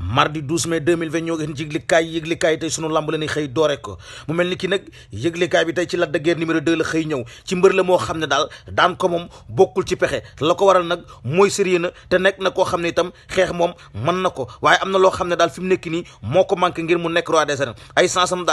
mardi 12 mai 2020 ñoo ngi ci yëglikaay yëglikaay tey sunu lamb la ni xëy doore ko mu mel ni ki nag yëglikaay bi tey ci Lac de Guiers numéro 2 la xëy ñëw ci mbër la moo xam ne daal daan ko moom bokkul ci pexe la ko waral nag mooy sérieux na te nekk na koo xam ne itam xeex moom mën na ko waaye am na loo xam ne daal fi mu nekk nii moo ko manqué ngir mu nekk roi des arènes ay sansam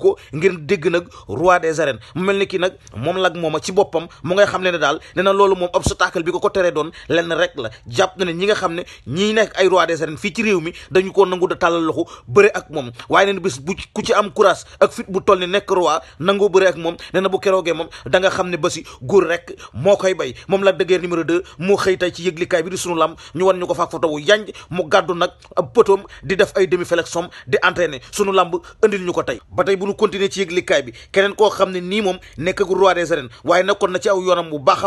ko ngir dégg nag roi des arènes mu mel ni kii nag moom Lac mooma ci boppam mu ngay xam ne ne daal nee na loolu moom obstacle bi ko ko teree doon lenn rek la jàpp na ne ñi nga xam ne ñiy nekk ay roi des arènes fii ci réew mi dañu ko nangu da tàllal loxo bëre ak moom waaye neen bis ku ci am courage ak fit bu toll ni nekk roi nangoo bëre ak moom nee na bu keroogee moom da nga xam ne basi góor rek moo koy bay moom la dëggeer numéro de mu xëy tey ci yëglikaay bi di sunu lam ñu wan ñu ko faak photo wu yanj mu gàddu nag ab pëtoom di def ay demi flexion di entraîner sunu lamb andil ñu ko tey ba tey bu nu continuer ci yëglikaay bi keneen koo xam ne nii moom nekkagul roi des arènes waaye nekkoon na ci aw yoonam bu baax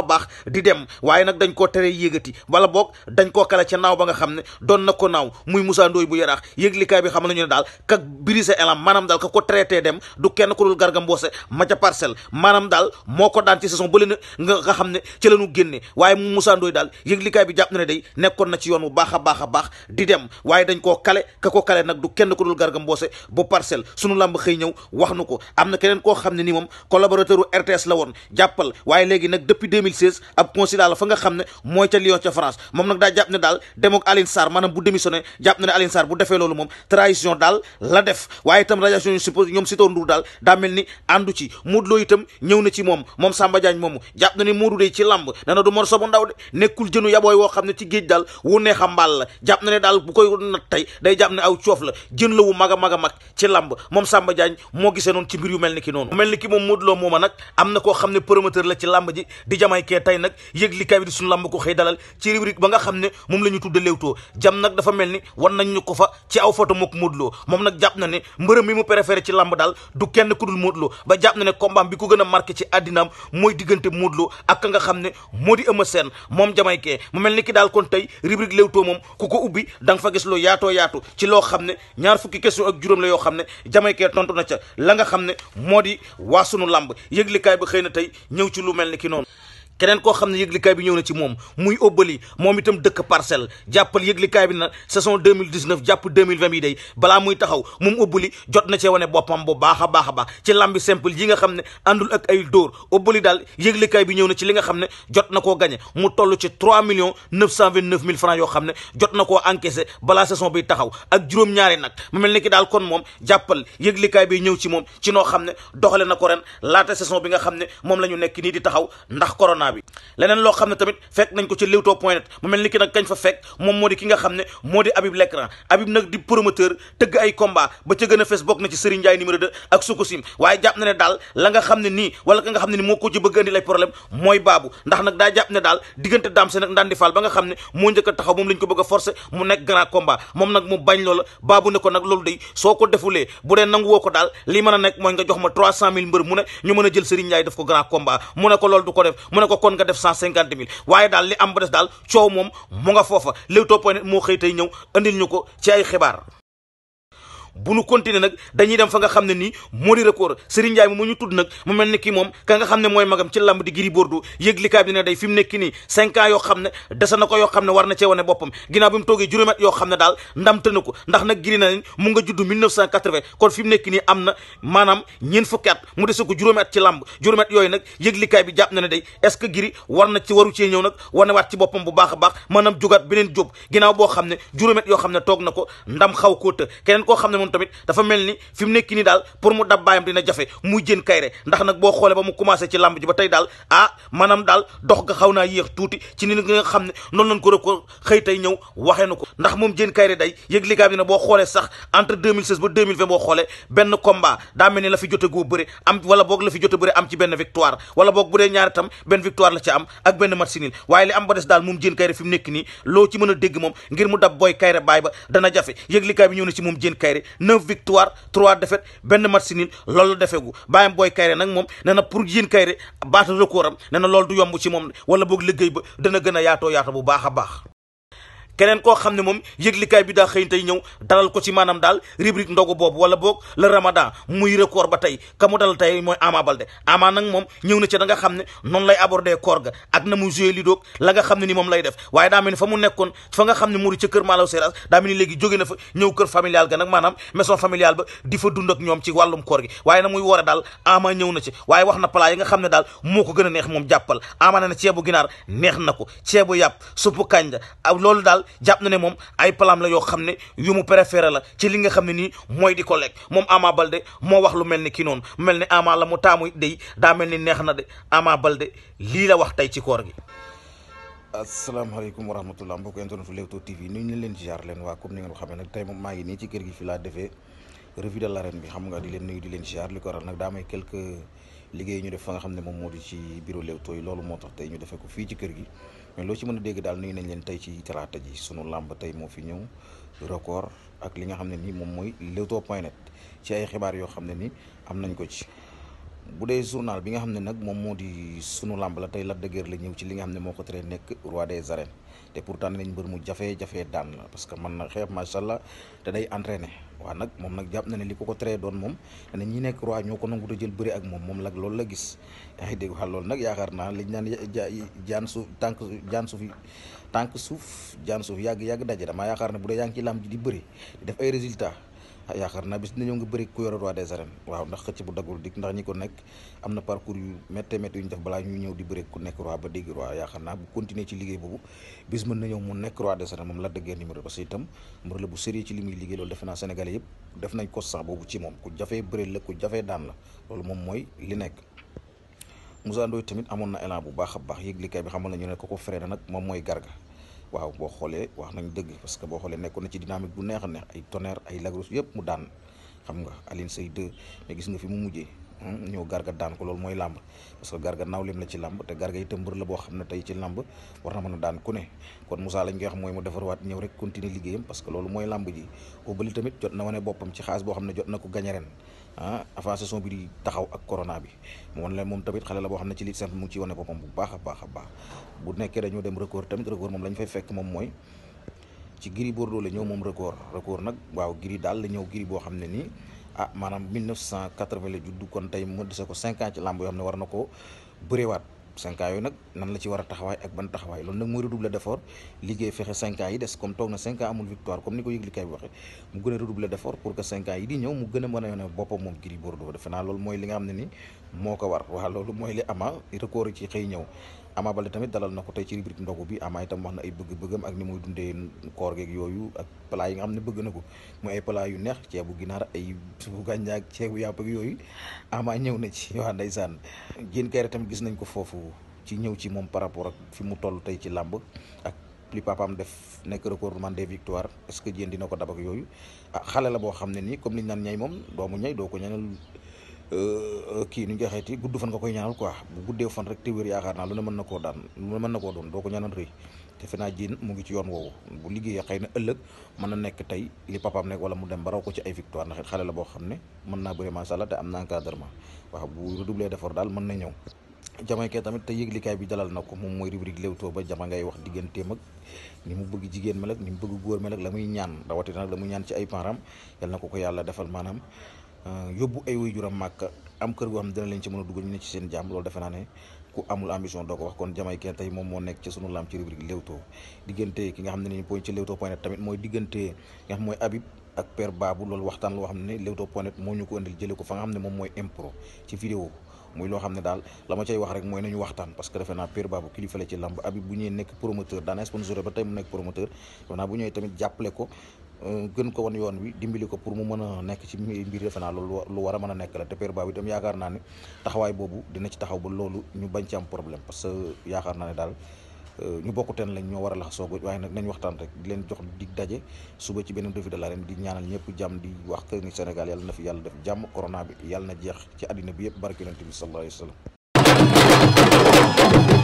dem waaye nag dañ koo tere yéegati wala boog dañ koo kale ca naaw ba nga xam ne doon Moussa Ndoye bu yaraax yëglikaay bi xamal nañu ne daal kak brisé elam maanaam daal ka ko traité dem du kenn ko dul garga mboose ma ca parcelle maanaam daal moo ko daan ci saison ba leen nga xam ne ci la génne waaye mu Moussa daal yëglikaay bi na ne day nekkoon na a a jàppal waaye léegi nag depuis 2016 ab consulat la fa nga xam ne mooy ca Lyon ca France moom nag daa jàpp ne daal dem ak Aline Sarr bu démissionné jàpp na bu defee loolu moom trahison daal la def waaye itam radiation ñu ñoom Sitor Ndour daal daa mel ni àndu ci Modou itam ñëw na ci moom moom Samba Diagne moomu jàpp na ne Modou de ci lamb dana du morso bu ndaw de nekkul jënu yabooy woo xam ne ci géej daal wu neex a mbaal la jàpp na ne daal bu koy nat tey day jàpp ne aw coof la jën la wu mag a mag a mag ci lamb moom Samba Diagne moo gisee noonu ci mbir yu mel ni ki noonu mel ni ki moom Modou Lo mooma nag am na ko xam ne promoteur la ci lamb ji di jamaykee tey nag yëg li kayi di suñu lamb ko xëy dalal ci rubrique ba nga xam ne moom la ñu tudde Leewtoo jam nag dafa mel ni wan nañ ñu ko fa ci aw photo mook Modou Lo moom nag jàpp na ne mbërëm mi mu préféré ci làmb daal du kenn ku dul Modou ba jàpp na ne combat bi ko gën a marqué ci àddinaam mooy diggante Modou ak ka nga xam ne moo di Eumeu Sène moom jamaykee mu mel ni ki daal kon tey rubrique Leewtoo moom ku ko ubbi da fa gis lu yaatoo yaatu ci loo xam ne ñaar fukki question ak juróom la yoo xam ne jamaykee tontu na ca la nga xam ne moo di waa sunu làmb yëglikaay ba xëy na tey ñëw ci lu mel ni ki noonu keneen koo xam ne yëglikaay bi ñëw na ci moom muy óbbali moom itam dëkk parcelle jàppal yëglikaay bi na saison 2019 jàpp 2020 bi day balaa muy taxaw moom óbbali jot na cee wane boppam bu baax a baax a baax ci lambi simple yi nga xam ne àndul ak ay dóor óbbali daal yëglikaay bi ñëw na ci li nga xam ne jot na koo gañe mu toll ci 3 millions 929 mille francs yoo xam ne jot na koo encaissé balaa saison bi taxaw ak juróom-ñaari nag mu mel ni daal kon moom jàppal yëglikaay bi ñëw ci moom ci noo xam ne doxale na ko ren laata saison bi nga xam ne moom la ñu nekk nii di taxaw ndax corona corona bi leneen loo xam ne tamit fekk nañ ko ci Leewtoo point net mu mel ni ki nag kañ fa fekk moom moo di ki nga xam ne moo di Habib Lecran Habib nag di promoteur tëgg ay combat ba ca a fees bokk na ci Serigne Ndiaye numéro 2 ak Sokosim waaye jàpp ne daal la nga xam ne nii wala ka nga xam ne nii moo ko ci bëgg andi lay problème mooy baabu ndax nag daa jàpp ne daal diggante daam seen ndandi faal ba nga xam ne moo njëkk a taxaw moom lañ ko bëgg ko kon nga def cent cinquante mille waaye daal li am ba des daal coow moom mu nga foofa Leewtoo point net moo xëy tey ñëw andil ñu ko ci ay xibaar bu nu continuer nag dañuy dem fa nga xam ne nii moo di record Serigne ñu tudd nag mu mel ni ki moom ka nga xam ne mooy magam ci lamb di Gris Bordeaux yëg likaay bi ne day fi mu nekki nii cinq ans yoo xam ne dese na ko yoo xam ne war na cee wane boppam ginnaaw bi mu toogee juróomi at yoo xam ne daal ndam tëna ndax nag Gris na mu nga juddu 1980 kon fi ko nekki nii am na maanaam ñeen fukki at mu dese ko juróomi at ci lamb juróomi at yooyu nag yëg likaay bi jàpp na ne day est-ce que Gris war na waru cee ñëw nag wane waat ci boppam bu baax a baax maanaam jugaat beneen jóg ginnaaw boo xam ne juróomi yoo xam ne toog na ko ndam xaw koo të koo xam ne amoon tamit dafa mel ni fi mu nekk nii daal pour mu dab baayam dina jafe muy jën kayre ndax nag boo xoolee ba mu commencé ci lamb ji ba tey daal ah maanaam daal dox nga xaw naa yéex tuuti ci ni nga xam ne noonu lañ ko rek ko xëy tey ñëw waxee na ko ndax moom jën kayre day yëg ligaay bi boo xoolee sax entre 2016 ba 2020 boo xoolee benn combat daa mel ni fi jote goo am wala boog la fi wala boog bu dee ñaari tam benn victoire la ci am ak benn match nil waaye li am fi mu nekk nii loo ci mën a dégg moom ngir mu dab booy kayre baay ba dana jafe yëg ligaay bi ñëw na ci moom jën kayre neuf victoire trois défaites benn match nul loolu la defegu bàyyam booy Kayre nag moom nee na pour yéen Kayre baata record am nee na loolu du yomb ci moom wala boog liggéey ba dana gën a yaatoo yaata bu baax a baax keneen koo xam ne moom yëglikaay bi daa xëy tey ñëw dalal ko ci maanaam daal rubrique ndogu boobu wala boog le ramadan muy record ba tey ka mu dal tey mooy Ama Balde Ama nag moom ñëw na ci da nga xam ne noonu lay abordé koor ak na mu joué li doog la nga xam ne ni moom lay def waaye daa mel ni fa mu nekkoon fa nga xam ne muri ca kër Malaw Seras daa mel ni léegi jóge na fa ñëw kër familial ga nag di fa dund ak ñoom ci wàllum koor gi waaye na muy woore daal Ama ñëw na ci waaye wax na plat yi nga xam ne daal moo ko gën a neex moom jàppal Ama na ne ceebu ginaar neex na ko ceebu yàpp suppu kànja loolu daal jàpp na ne moom ay palaam la yoo xam ne yu mu préféré la ci li nga xam ne nii mooy di ko lekk moom bal Balde moo wax lu mel ni ki noonu mel ni Ama la mu taamu day daa mel ni neex na de Ama Balde lii la wax tey ci koor gi. asalaamaaleykum wa rahmatulah mbokk internet Leewtoo TV nuyu ñu leen ci jaar leen waa comme ni ngeen ko xamee nag moom maa ngi nii ci kër gi fi laa defee revue de l'arène bi xam nga di leen nuyu di leen jaar li ko waral nag daa may ñu def fa nga xam ne moom moo ci bureau Leewtoo yi loolu moo tax tey ñu defee ko fii ci kër gi. mais loo ci mën a dégg daal nuyu nañ leen tey ci talaata ji sunu làmb tey moo fi ñëw record ak li nga xam ne nii moom mooy Leewtoo point net ci ay xibaar yoo xam ne ni am nañ ko ci. bu dee journal bi nga xam ne nag moom moo di sunu làmb la tey la de Guiers la ñëw ci li nga xam ne moo ko teree nekk roi des arènes te pourtant nañ mbër mu jafe-jafe daan la parce que man na xeex macha allah te day entraîné waaw nag moom nag jàpp na ne li ko ko teree doon moom ne ñi nekk roi ñoo ko nangu te jël bëri ak moom moom lag loolu la gis yaa ngi dégg waaw loolu nag yaakaar naa liñ naan jaan suuf tànk jaan suuf tànk suuf jaan suuf yàgg yàgg daje damaa yaakaar ne bu dee yaa ngi ci làmb ji di bëri def ay résultat Ah, yaakaar naa bis dina ñëw nga bëri ku yore roi des arènes waaw ndax xëcc bu daggul dik ndax ñi ko nekk am na parcours yu métte métte yu balaa ñuy ñëw di ku nekk roi ba dégg roi yaakaar naa liggéey boobu bis mën na ñëw mu nekk roi des arènes moom la dëggee numéro parce que itam mbër la bu sérieux ci liggéey loolu defe naa sénégalais yëpp def nañ ko sax boobu ci moom ku jafee bëri la ku jafee daan la loolu moom mooy li nekk Moussa Ndoye tamit amoon na élan bu baax a baax yëglikaay bi xamal nañu ne ko ko freiné nag moom mooy garga waaw boo xoolee wax nañ dëgg parce que boo xoolee nekkoon na ci dynamique bu neex a neex ay tonnerre ay lagros yëpp mu daan xam nga alin Seye 2 mais gis nga fi mu mujjee Hmm, ñëw garga daan ko loolu mooy làmb parce que garga nawleem la ci làmb te garga itam mbër la boo xam ne tey ci làmb war na mën a daan ku ne kon Moussa lañ koy wax mooy mu defarwaat ñëw rek continuer liggéeyam parce que loolu mooy làmb ji Obali tamit jot na wane boppam ci xaalis boo xam ne jot na ko gagné ren ah avant saison bi di taxaw corona bi moom la moom tamit xale la boo xam ne ci lit simple mu bu baax a baax a baax bu nekkee dañoo dem record tamit fekk moom mooy ci Gris Bordeaux la ñëw moom record record nag waaw Gris daal la ñëw Gris boo xam ne nii ah maanaam 1980 la judd kon tey mu dese ko 5 ci làmb yoo xam ne war na koo bëreewaat 5 yooyu nag nan la ci war a taxawaay ak ban taxawaay loolu nag mooy redoubler d'effort liggéey fexe 5 ans yi des comme toog na 5 ans amul victoire comme ni ko yëgli kay bi waxee mu gën a redoubler d'effort pour que 5 ans yi di ñëw mu gën a mën a yone boppam moom Gris Bordeaux defe naa loolu mooy li nga xam ne ni moo ko war waaw Ama Baldé tamit dalal na ko tey ci rubrique ndogu bi Ama itam wax na ay bëgg-bëggam ak ni muy dundee koor geeg yooyu ak plat yi nga xam ne bëgg na ko muy ay plat yu neex ceebu ginaar ay suufu gàncax ceebu yàpp ak yooyu Ama ñëw na ci waa ndeysaan Diène Kaïré tamit gis nañ ko foofu ci ñëw ci moom par rapport ak fi mu toll tey ci làmb ak li papaam def nekk recordman des victoires est-ce que Diène dina ko dab ak yooyu ah xale la boo xam ne nii comme liñ naan ñay moom doomu ñay doo ko ñaanal Euh, euh, kii nu joxeeti gudd fan nga koy ñaanal quoi bu guddee fan rek te wér yaakaar naa lu ne mën na koo daan lu ne mën na koo doon doo ko ñaanal rëy te fe naa jéen mu ngi ci yoon woowu bu liggéeyee xëy na ëllëg mën na nekk tey li papaam nekk wala mu dem ba raw ko ci ay victoire ndax it xale la boo xam ne mën naa bëri macha allah te am na encadrement waaw bu redoublé d'effort daal mën na ñëw jamaykee tamit te yëglikaay bi dalal na ko moom mooy rubrique Leewtoo ba jama ngay wax digganteem ak ni jigéen mel ak ni mu góor mel ak la muy ñaan rawatina nag la ñaan ci ay param yal na ko ko yàlla defal maanaam Euh, yóbbu ay waajuram màkk am kër goo xam ne dina leen ci mën a dugg ñu ne ci seen jàmm loolu defe naa ne ku amul ambition doo ko wax kon Jamaïcain tey moom moo nekk ci sunu lam ci rubrique nga xam ne ni point ci Leewtoo point net tamit mooy diggante nga waxtaan loo xam ne Leewtoo point moo ñu ko indil jëlee ko fa nga xam ne moom mooy impro ci vidéo muy loo xam ne daal la ma cay wax rek mooy nañu waxtaan parce que defe naa Père Babou kilifa la ci lamb Habib bu ñuy nekk promoteur daana sponsoré ba tey mu nekk promoteur defe naa tamit jàppale ko Euh, gën ko won yoon wi dimbali ko pour mu mën a nekk ci mbir defe naa loolu lu war a mën a nekk la te Père Ba itam yaakaar naa ne taxawaay boobu dina ci taxaw ba loolu ñu bañ ci am problème parce que yaakaar naa ne daal euh, ñu bokk teen lañ ñoo war a lax soog waaye nag nañ waxtaan rek di leen jox dig daje suba ci beneen revue de l'arène di ñaanal ñëpp jàmm di wax que ni Sénégal na fi yàlla def jàmm corona bi yàlla na jeex ci àddina bi yëpp barke yonent bi sallallahu alayhi wa